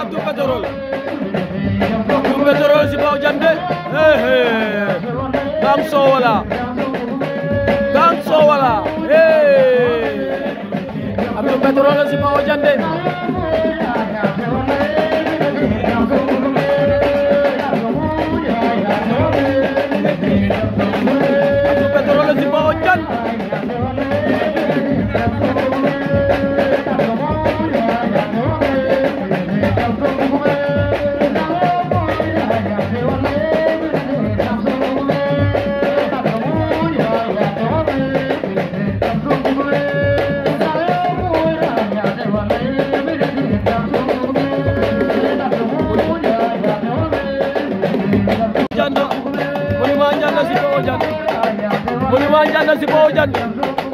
Abdou Pétrole Abdou Pétrole si baw jande gang soo wala gang soo wala Abdou Pétrole si baw jande Manjanga Sipawo Diagne mu ni Manjanga Sipawo Diagne